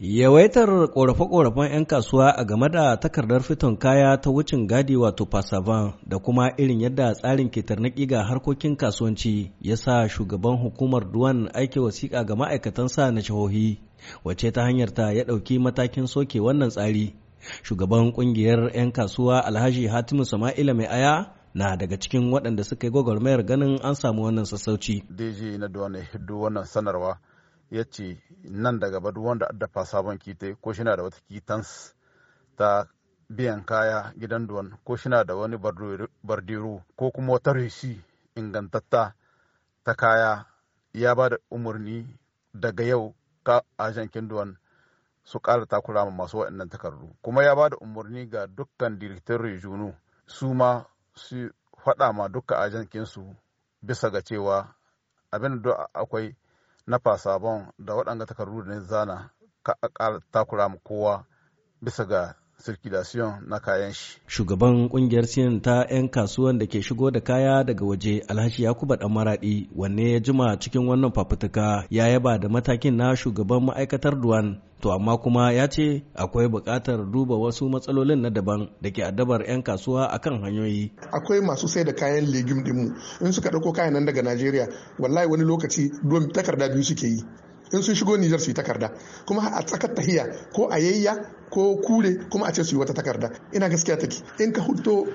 Yawaitar ƙorafe-ƙorafen 'yan kasuwa a game da takardar fiton kaya ta wucin gadi wato pasavan da kuma irin yadda tsarin ke tarnaki ga harkokin kasuwanci ya sa shugaban hukumar duwan aike wasiƙa ga ma'aikatansa na shahohi, wacce ta hanyar ta ya ɗauki matakin soke wannan tsari. Shugaban ƙungiyar 'yan kasuwa Alhaji Hatimu Sama'ila Mai Aya na daga cikin waɗanda suka yi gwagwarmayar ganin an samu wannan sassauci. DG na duwan wannan sanarwa ya ce nan daga gaba duk wanda addafa sabon kite ko shi na da wata kitans ta biyan kaya gidan duwan ko shi da wani bardiro ko kuma wata reshi ingantatta ta kaya ya ba da umarni daga yau ka ajankin duwan su kara takura ma masu waɗannan takardu kuma ya ba da umarni ga dukkan direktan rejunu su ma su faɗa ma dukkan ajankinsu bisa ga cewa abin da akwai na fasabon da waɗanga takardu da zana ka takura mu kowa bisa ga circulation na kayan shi. Shugaban kungiyar sin ta 'yan kasuwan da ke shigo da kaya daga waje Alhaji Yakuba Dan maraɗi wanne ya jima cikin wannan fafutuka ya yaba da matakin na shugaban ma'aikatar Duwan to amma kuma ya ce akwai buƙatar duba wasu matsalolin na daban da ke addabar 'yan kasuwa akan hanyoyi akwai masu sai da kayan legume dinmu in suka ɗauko kayan nan daga najeriya wallahi wani lokaci don takarda biyu suke yi in sun shigo Nijar su yi takarda kuma a tsakar tahiya ko a yayya ko kure kuma a ce su yi wata takarda ina gaskiya take in ka huto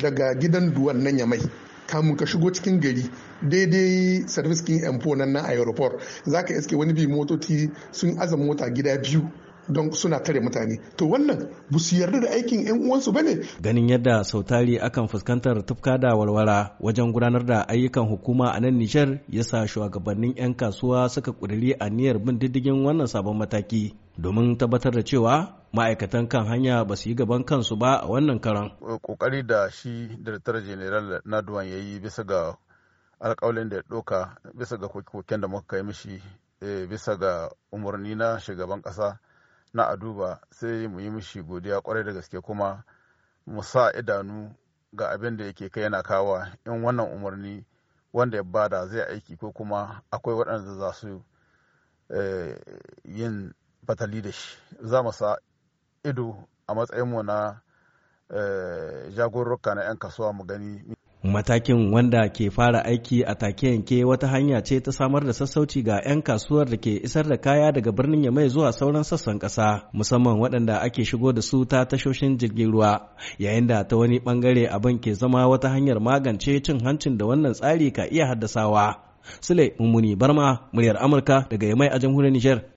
daga gidan duwan nan ya mai kamun ka shigo cikin gari daidai service king m4 nan na aeroport za ka iske wani bi motoci sun aza mota gida biyu don suna tare mutane to wannan ba su yarda da aikin 'yan uwansu bane ganin yadda sautari akan fuskantar tufka da walwala wajen gudanar da ayyukan hukuma a nan nijar ya sa shugabannin 'yan kasuwa suka a niyyar bin diddigin wannan sabon mataki domin tabbatar da cewa ma'aikatan kan hanya ba su yi gaban kansu ba a wannan karan. Kokari da shi Director General Naduwan ya yi bisa ga alkawalin da ya ɗauka bisa ga koken da muka kai mishi eh, bisa ga umarni na shugaban ƙasa na aduba sai mu yi mishi godiya kwarai da gaske kuma mu sa idanu ga abin da yake kai yana kawa in wannan umarni wanda ya bada zai aiki ko kuma akwai waɗanda za su eh, yin fatali da shi za mu sa ido a matsayinmu na eh, jagororka na 'yan kasuwa mu gani matakin wanda ke fara aiki a take yanke wata hanya ce ta samar da sassauci ga 'yan kasuwar da ke isar da kaya daga birnin yamai zuwa sauran sassan ƙasa musamman waɗanda ake shigo da su ta tashoshin jirgin ruwa yayin da ta wani ɓangare abin ke zama wata hanyar magance cin hancin da wannan tsari ka iya haddasawa sule mummuni barma muryar amurka daga yamai a jamhuriyar nijar